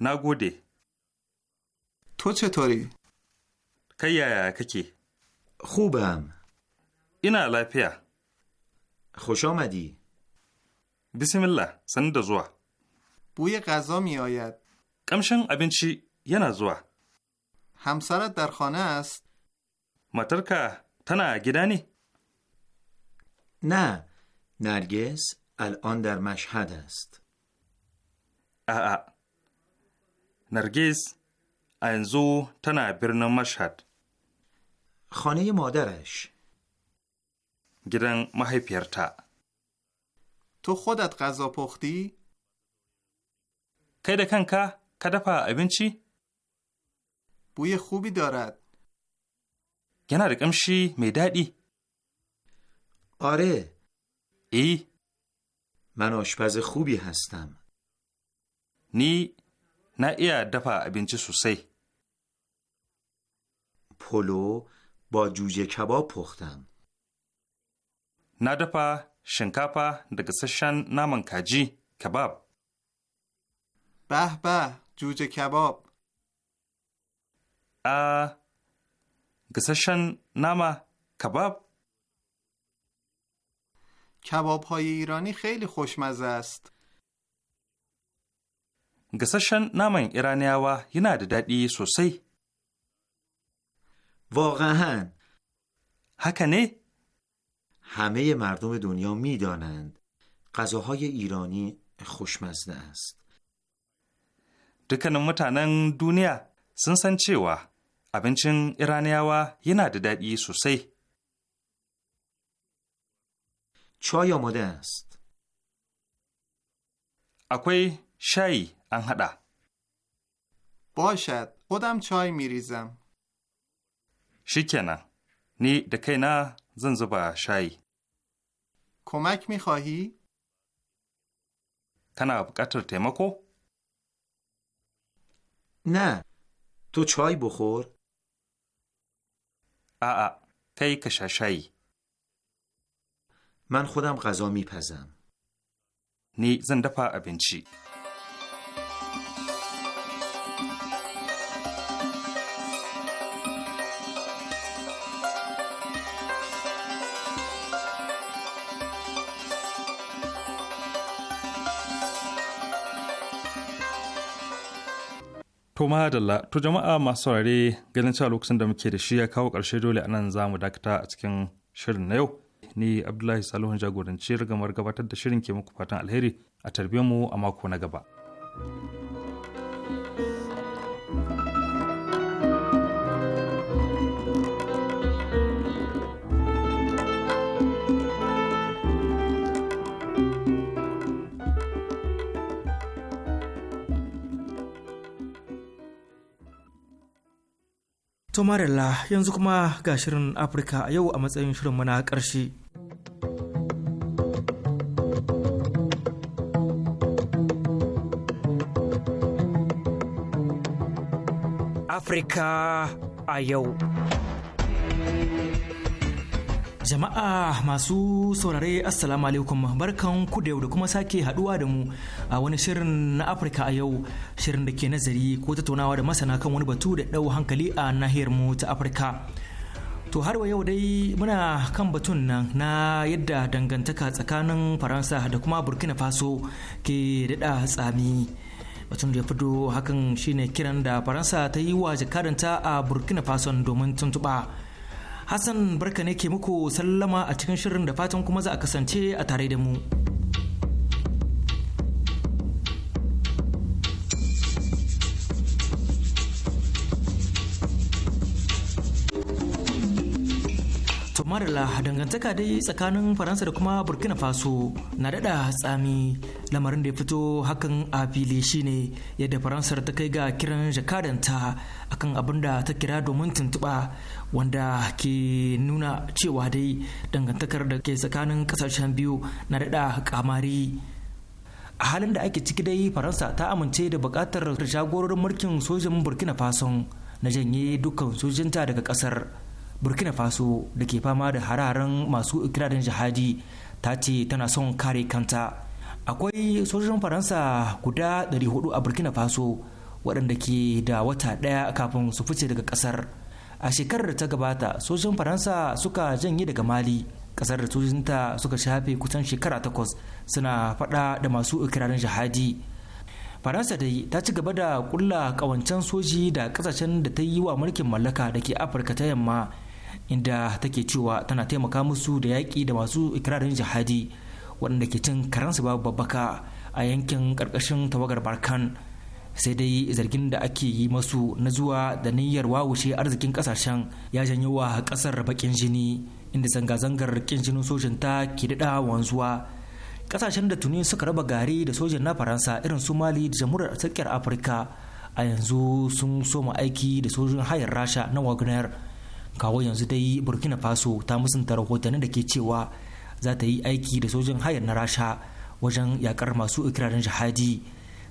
نگودی تو چطوری؟ کیا ککی خوبم اینا لپیه خوش آمدی بسم الله سند زوا بوی غذا می آید کمشن ابینچی یه زوا همسرت در خانه است مترکه تنا گیرانی. نه نرگس الان در مشهد است ا نرگس انزو تنا برن مشهد خانه مادرش گیرن مهیپیرتا تو خودت غذا پختی؟ کده که کدپا ابینچی؟ بوی خوبی دارد یعنی شی میدادی؟ آره ای؟ من آشپز خوبی هستم نی نه ایا دفع ابینچی سوسی پلو با جوجه کباب پختم na dafa shinkafa da gasasshen naman kaji kebab. Bah bah, juje kebab. A gasasshen nama kebab? کباب های ایرانی خیلی خوشمزه است. گسشن نامن ایرانیاوا ینا دا دادی سوسی. Haka ne? همه مردم دنیا میدانند غذاهای ایرانی خوشمزه است. دکن متنن دنیا سنسن san cewa abincin و یه da daɗi sosai. چای آماده است. اکوی شایی ان باشد. خودم چای میریزم. شکنه. نی دکینا زن شایی. کمک می خواهی؟ بکتر قطر تیمکو؟ نه تو چای بخور؟ آ پیک ششایی من خودم غذا میپزم نی زنده پا ابینچی To madalla, to jama'a masu saurare ganin cewa lokacin da muke da shi ya kawo ƙarshe dole a nan za mu dakata a cikin shirin na yau. Ni Abdullahi Salihun jagoranci rigamar gabatar da shirin ke muku fatan alheri a tarbe mu a mako na gaba. Tomarilla yanzu kuma ga shirin Afirka a yau a matsayin shirin mana ƙarshe. Afirka a yau. Jama'a masu saurare Assalamu alaikum barkan ku da yau da kuma sake haduwa da mu a wani shirin na Afirka a yau shirin da ke nazari ko tattaunawa da masana kan wani batu da dau hankali a nahiyar mu ta Afirka. To har yau dai muna kan batun nan na yadda dangantaka tsakanin Faransa da kuma Burkina Faso ke daɗa tsami. batun da ya fito hakan shine kiran da faransa ta yi wa jakadanta a burkina faso domin tuntuɓa Hassan barka ne ke muku sallama a cikin shirin da fatan kuma za a kasance a tare da mu. marala dangantaka dai tsakanin faransa da kuma burkina faso na dada tsami lamarin da ya fito hakan a fili shine yadda faransar ta kai ga kiran jakadanta akan abin da ta kira domin tuntuɓa wanda ke nuna cewa dai dangantakar da ke tsakanin kasashen biyu na dada kamari a halin da ake ciki dai faransa ta amince da bukatar jagororin mulkin sojin burkina faso na janye dukkan sojinta daga kasar burkina faso da ke fama da hararen masu ikirarin jihadi ta ce tana son kare kanta akwai sojojin faransa guda 400 a burkina faso waɗanda ke da wata ɗaya kafin su fice daga ƙasar a shekarar da ta gabata sojojin faransa suka janye daga mali ƙasar da sojojinta suka shafe kusan shekara takwas suna faɗa da masu ikirarin jihadi faransa dai ta ci gaba da kulla kawancen soji da ƙasashen da ta yi wa mulkin mallaka da ke afirka ta yamma inda take cewa tana taimaka musu da yaƙi da masu ikirarin jihadi waɗanda ke cin karansu babu babbaka a yankin ƙarƙashin tawagar barkan sai dai zargin da ake yi masu na zuwa da niyyar wawushe arzikin ƙasashen ya janyo wa ƙasar baƙin jini inda zanga-zangar ƙin jinin sojin ta ke daɗa wanzuwa ƙasashen da tuni suka raba gari da sojin na faransa irin su mali da jamhuriyar tsakiyar afirka a yanzu sun soma aiki da sojin hayar rasha na wagner kawo yanzu dai burkina faso ta musanta rahotanni da ke cewa za ta yi aiki da sojin hayar na rasha wajen yakar masu ikirarin jihadi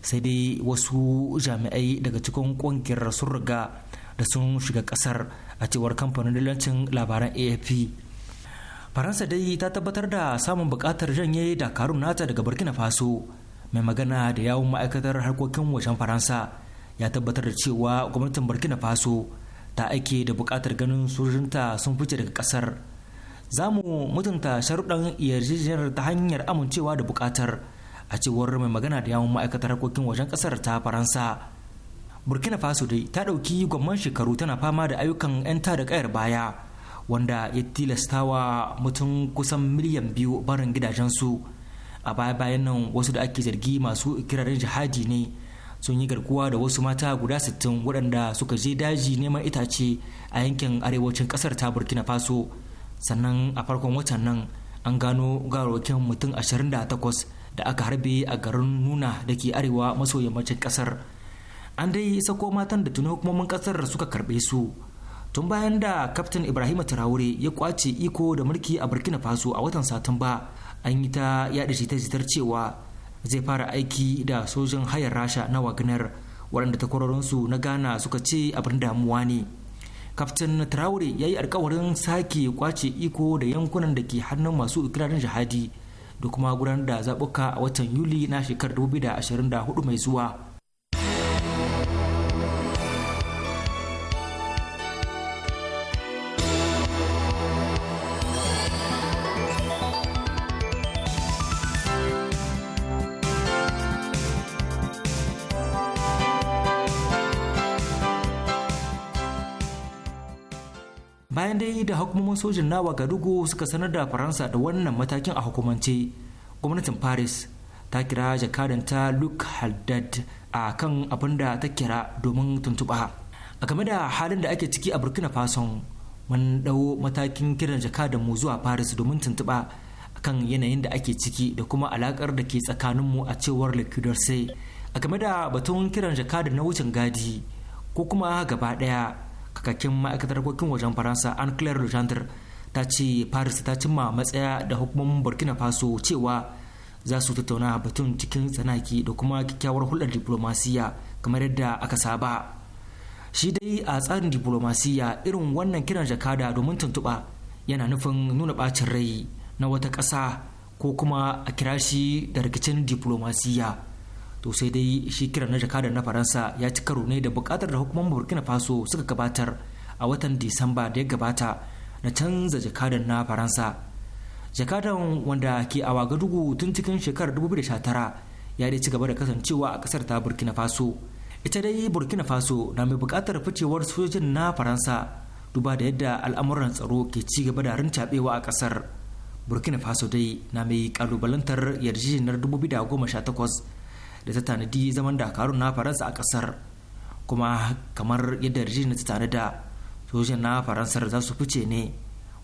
sai dai wasu jami'ai daga cikin kungiyar sun riga da sun shiga kasar a cewar kamfanin dalancin labaran afp faransa dai ta tabbatar da samun bukatar janye dakarun nata daga burkina faso mai magana da yawun ma'aikatar harkokin wajen faransa ya tabbatar da cewa gwamnatin burkina faso da ake da buƙatar ganin sojojinta sun fice daga ƙasar za mu mutunta sharuɗan yarjejeniyar ta hanyar amincewa da buƙatar a cewar mai magana da yawon ma'aikatar harkokin wajen ƙasar ta faransa burkina faso dai ta ɗauki gwamman shekaru tana fama da ayyukan 'yan ta da ƙayar baya wanda ya tilastawa mutum kusan miliyan biyu barin gidajensu a baya bayan nan wasu da ake zargi masu kirarin jihadi ne sun yi garkuwa da wasu mata guda 60 waɗanda suka je daji neman itace a yankin arewacin ƙasar ta burkina faso sannan a farkon watan nan an gano garokin mutum 28 da aka harbe a garin nuna da ke arewa maso yammacin ƙasar an dai isa ko matan da tuni hukumomin ƙasar suka karɓe su tun bayan da kaftin ibrahima turawure ya kwace iko da mulki a burkina faso a watan satumba an yi ta yaɗa jita-jitar cewa zai fara aiki da sojin hayar rasha na wagner waɗanda takwarorinsu na ghana suka ce abin damuwa ne kaftin traore ya yi alkawarin sake kwace iko da yankunan da ke hannun masu ikirarin jihadi da kuma gudanar da zaɓuka a watan yuli na shekarar 2024 mai zuwa da hukumomin sojin ga wagadugu suka sanar da faransa da wannan matakin a hukumance gwamnatin paris ta kira jakadanta luc haddad a kan abin da ta kira domin tuntuɓa a game da halin da ake ciki a burkina faso mun dawo matakin kiran jakadan mu zuwa paris domin tuntuɓa kan yanayin da ake ciki da kuma alakar da ke tsakaninmu a cewar likidarse a game da batun kiran jakadan na wucin gadi ko kuma gaba ɗaya kakin ma'aikatar harkokin wajen faransa an claire ta ce paris ta cimma matsaya da hukumomin burkina faso cewa za su tattauna batun cikin tsanaki da kuma kyakkyawar hulɗar diplomasiya kamar yadda aka saba shi dai a tsarin diplomasiya irin wannan kiran jakada domin tuntuɓa yana nufin nuna ɓacin rai na wata ƙasa ko kuma a kira shi da rikicin diplomasiya to sai dai shi kiran na jakadar na faransa ya ci karo ne da bukatar da hukumar burkina faso suka gabatar a watan disamba da ya gabata na canza jakadar na faransa jakadar wanda ke awa wagadugu tun cikin shekarar 2019 ya dai ci gaba da kasancewa a kasar ta burkina faso ita dai burkina faso na mai bukatar ficewar sojojin na faransa duba da yadda al'amuran tsaro ke ci gaba da rincaɓewa a kasar burkina faso dai na mai kalubalantar yarjejeniyar 2018 da ta tanadi zaman dakarun na faransa a kasar kuma kamar yadda yarjejeniyar ta tanada sojin na faransar za su fice ne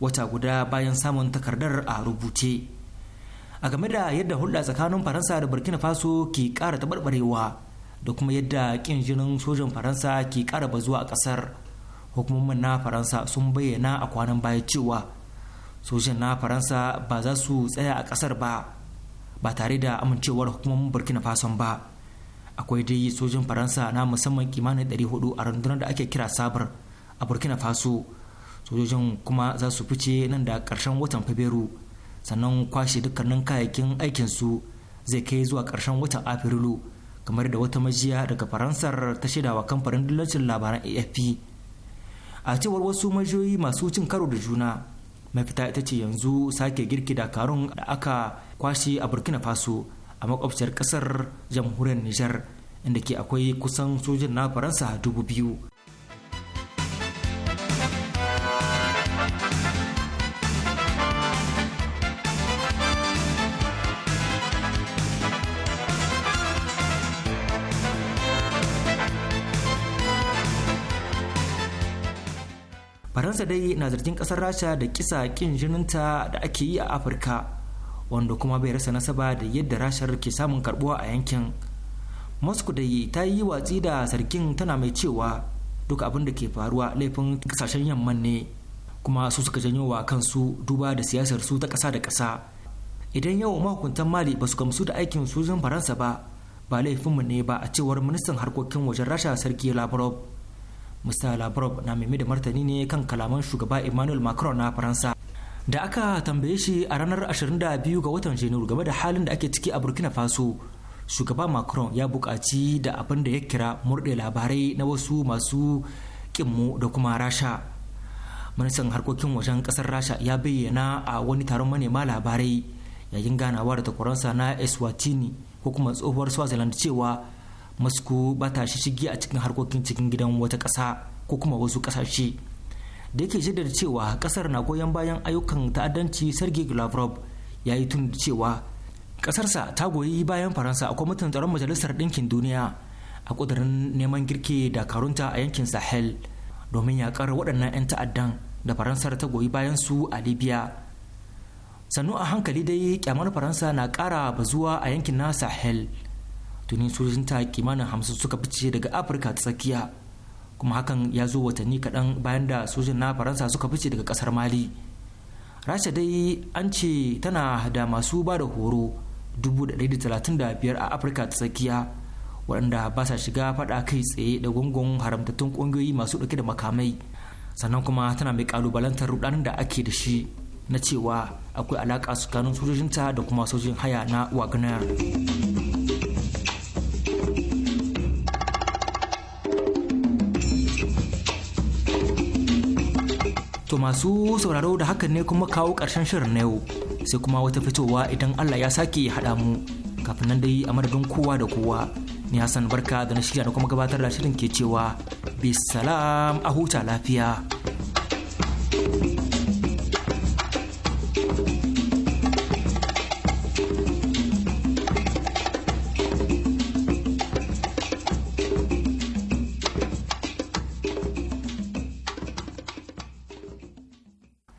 wata guda bayan samun takardar a rubuce a game da yadda hulɗa tsakanin faransa da burkina faso ke ƙara taɓarɓarewa da kuma yadda ƙin jinin sojan faransa ke ƙara bazuwa a ƙasar hukumomin na faransa sun bayyana a kwanan baya cewa sojan na faransa ba za su tsaya a ƙasar ba ba tare da amincewar hukumomin burkina faso ba akwai dai sojin faransa na musamman kimanin 400 a rundunar da ake kira sabar a burkina faso sojojin kuma za su fice nan da karshen watan fabrairu sannan kwashe dukkanin kayayyakin aikinsu zai kai zuwa karshen watan afrilu kamar da wata majiya daga faransar ta shaidawa kamfanin dillacin labaran afp a cewar wasu majiyoyi masu cin karo da juna mafita ita ce yanzu sake girki dakarun da aka kwashe a burkina faso a makwabciyar kasar jamhuriyar nijar inda ke akwai kusan sojin na faransa dubu biyu faransa dai na zargin kasar rasha da kisa kin jininta da ake yi a afirka wanda kuma bai rasa nasaba da yadda rashar ke samun karbuwa a yankin moscow dai ta yi watsi da sarkin tana mai cewa duk abin da ke faruwa laifin kasashen yamman ne kuma su suka janyo wa kansu duba da siyasar su ta kasa da kasa idan yau mahukuntan mali ba su gamsu da aikin su zan faransa ba ba laifinmu ne ba a cewar ministan harkokin wajen rasha sarki lavrov mr lavrov na maimai da martani ne kan kalaman shugaba emmanuel macron na faransa da aka tambaye shi a ranar 22 ga watan janairu game da halin da ake ciki a burkina faso shugaba macron ya buƙaci da abin da ya kira murɗe labarai na wasu masu ƙinmu da kuma rasha ministan harkokin wajen ƙasar rasha ya bayyana a wani taron manema labarai yayin ganawa da takwaransa na eswatini ko kuma tsohuwar swaziland cewa moscow ba ta shige a cikin harkokin cikin gidan wata ƙasa ko kuma wasu ƙasashe da yake jaddada cewa ƙasar na goyon bayan ayyukan ta'addanci sergei lavrov ya yi tun cewa ƙasarsa ta goyi bayan faransa a kwamitin tsaron majalisar ɗinkin duniya a ƙudurin neman girke karunta a yankin sahel domin yaƙar waɗannan 'yan ta'addan da faransar ta goyi bayan su a libya sannu a hankali dai kyamar faransa na ƙara bazuwa a yankin na sahel tuni sojojin ta kimanin hamsin suka fice daga afirka ta tsakiya kuma hakan ya zo watanni kaɗan bayan da sojin na faransa suka fice daga ƙasar mali rasha dai an ce tana da masu ba da horo biyar a afirka ta tsakiya waɗanda ba sa shiga faɗa kai tsaye da gungun haramtattun ƙungiyoyi masu ɗauke da makamai sannan kuma tana mai ƙalubalantar rudanin da ake da shi na cewa akwai alaƙa tsakanin sojojinta da kuma sojin haya na wagner To masu sauraro da hakan ne kuma kawo karshen shirin na yau sai kuma wata fitowa idan Allah ya sake haɗa mu kafin nan dai a madadin kowa da kowa ni Hassan barka da na shirya da kuma gabatar da shirin ke cewa bisalam a huta lafiya.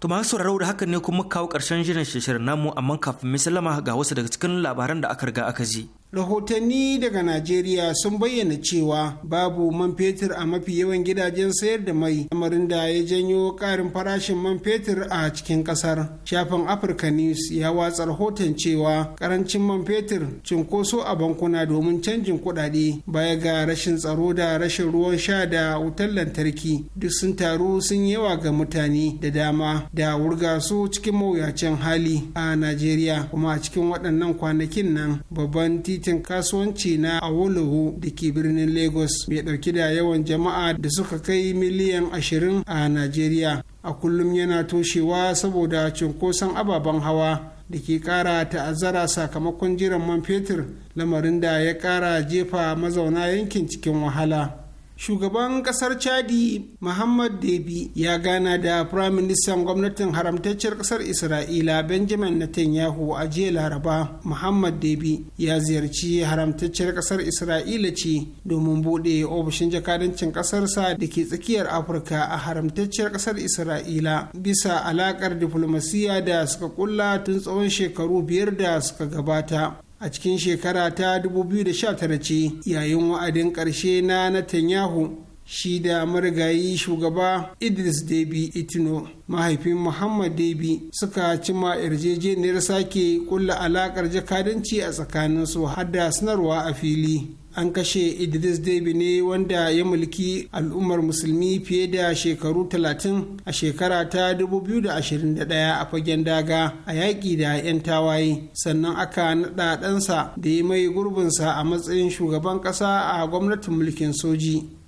To masu sauraro da hakan ne kuma kawo ƙarshen jiran shirin namu amma kafin mai sallama ga wasu daga cikin labaran da aka riga aka ji. rahotanni daga najeriya sun bayyana cewa babu man fetur a mafi yawan gidajen sayar da mai lamarin da ya janyo karin farashin man fetur a cikin ƙasar. shafin africa news ya watsa rahoton cewa karancin man fetur cinkoso a bankuna domin canjin kuɗaɗe baya ga rashin tsaro da rashin ruwan sha da wutar lantarki duk sun taru sun yawa ga mutane da dama da wurga su cikin mawuyacin hali a najeriya kuma a cikin waɗannan kwanakin nan babban titi titin kasuwanci na awolowo da ke birnin lagos mai ɗauki da yawan jama'a da suka kai miliyan ashirin a najeriya a kullum yana toshewa saboda cunkoson ababen hawa da ke kara ta'azzara sakamakon jiran man fetur lamarin da ya kara jefa mazauna yankin cikin wahala shugaban kasar chadi muhammad debi ya gana da firaministan gwamnatin haramtacciyar kasar isra'ila benjamin netanyahu a jiya laraba muhammad debi ya ziyarci haramtacciyar kasar isra'ila ce domin bude ofishin jakadancin kasarsa da ke tsakiyar afirka a haramtacciyar kasar isra'ila bisa alakar diplomasiya da suka kulla tun tsawon shekaru biyar da suka gabata a cikin shekara ta 2019 ce yayin wa'adin ƙarshe na Netanyahu shi da marigayi shugaba idris debi itino mahaifin muhammad debi suka cima yarjejeniyar sake kulla alakar jakadanci a tsakaninsu har da sanarwa a fili an kashe idris debi ne wanda ya mulki al'ummar musulmi fiye da shekaru 30 a shekara ta 2021 a fagen daga a yaƙi da 'yan tawaye sannan aka naɗa ɗansa da ya mai gurbinsa a matsayin shugaban ƙasa a gwamnatin mulkin soji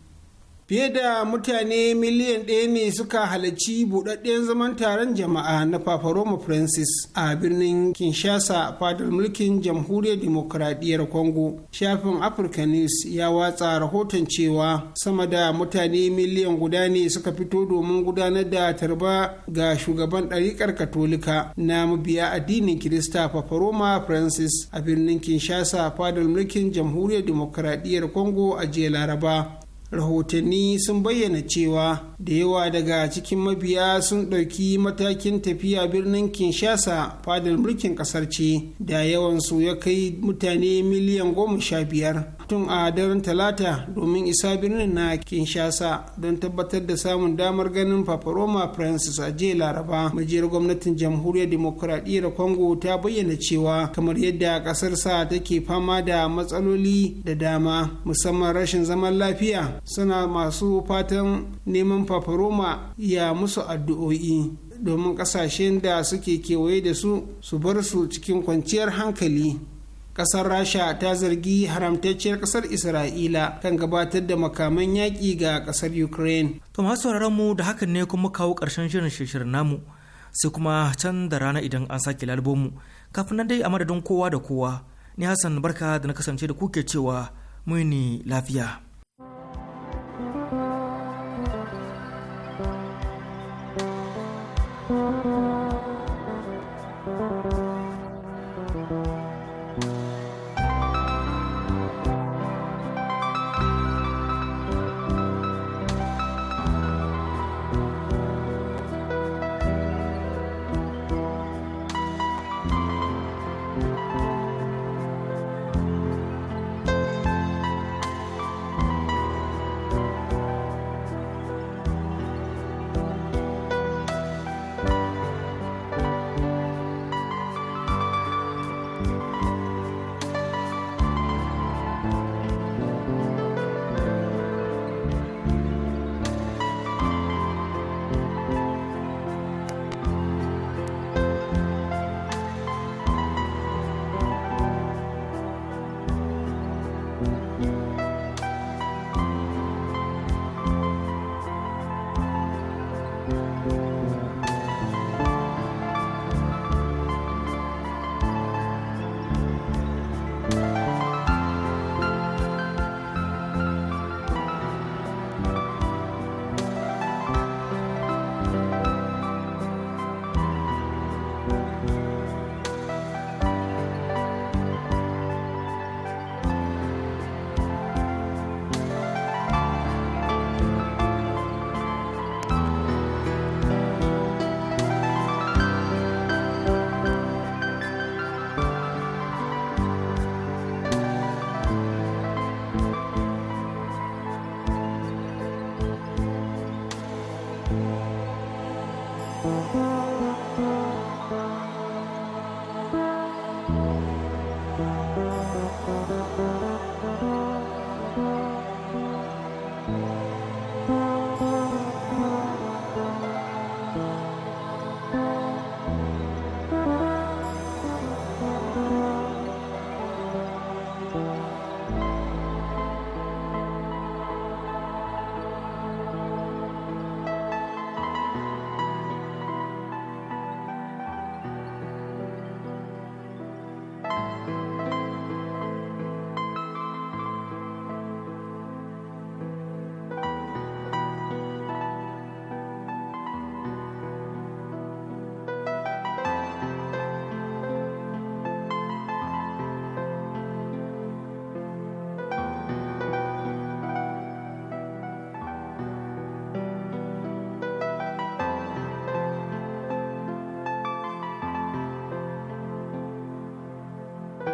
fiye da mutane miliyan ɗaya ne suka halarci buɗaɗɗen zaman taron jama'a na Papa Roma Francis a birnin Kinshasa fadar mulkin jamhuriyar demokradiyyar Congo. Shafin Africa News ya watsa rahoton cewa sama da mutane miliyan guda ne suka fito domin gudanar da tarba ga shugaban ɗariƙar Katolika na mabiya addinin Kirista Papa Roma Francis a birnin Kinshasa fadar mulkin jamhuriyar demokradiyyar Congo a jiya Laraba. rahotanni sun bayyana cewa da yawa daga cikin mabiya sun ɗauki matakin tafiya birnin kinshasa fadar mulkin ƙasar ce da yawansu ya kai mutane miliyan goma sha biyar Mutum a daren talata domin isa birnin na kinshasa don tabbatar da samun damar ganin paparoma francis a jiya laraba majiyar gwamnatin jamhuriyar demokuraɗiyyar congo ta bayyana cewa kamar yadda ƙasar sa take fama da matsaloli da dama musamman rashin zaman lafiya suna masu fatan neman paparoma ya musu addu'o'i domin ƙasashen da suke kewaye da su su bar su cikin kwanciyar hankali kasar rasha ta zargi haramtacciyar kasar isra'ila kan gabatar da makaman yaƙi ga kasar ukraine to masu mu da hakan ne kuma kawo karshen shirin shirin namu sai kuma can da rana idan an sake lalbomu kafin nan dai a madadin kowa da kowa ni hassan barka da na kasance da kuke cewa muni lafiya